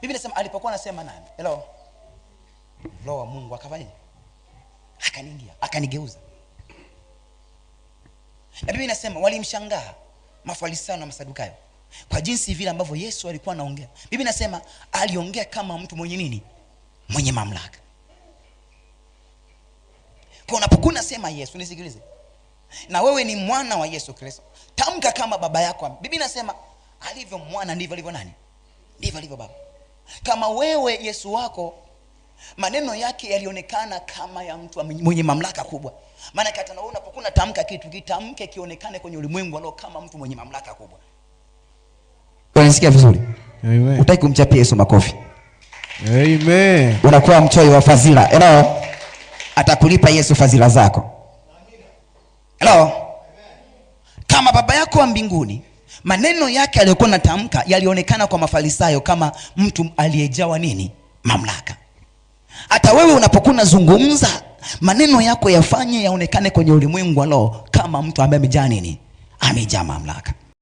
Biblia nasema alipokuwa anasema nani hello, roho wa Mungu akafanya nini? Akaniingia, akanigeuza. Na bibi nasema walimshangaa Mafarisayo na Masadukayo kwa jinsi vile ambavyo Yesu alikuwa anaongea. bibi nasema aliongea kama mtu mwenye nini? Mwenye mamlaka. Kwa unapokuwa unasema Yesu, nisikilize, na wewe ni mwana wa Yesu Kristo, tamka kama baba yako. bibi nasema alivyo mwana ndivyo alivyo nani? Ndivyo alivyo baba kama wewe Yesu wako maneno yake yalionekana kama ya mtu mwenye mamlaka kubwa. Maana hata na wewe unapokuwa kitu, kitamke kionekane kwenye ulimwengu anao kama mtu mwenye mamlaka kubwa. Unanisikia vizuri? Amen. kumchapia Yesu makofi. Amen. Unakuwa mchoi wa fazila eno Atakulipa Yesu fazila zako. Hello. Kama baba yako wa mbinguni Maneno yake aliyokuwa natamka yalionekana kwa Mafarisayo kama mtu aliyejawa nini? Mamlaka. Hata wewe unapokuwa unazungumza maneno yako yafanye yaonekane kwenye ulimwengu wa roho kama mtu ambaye amejaa nini? Amejaa mamlaka.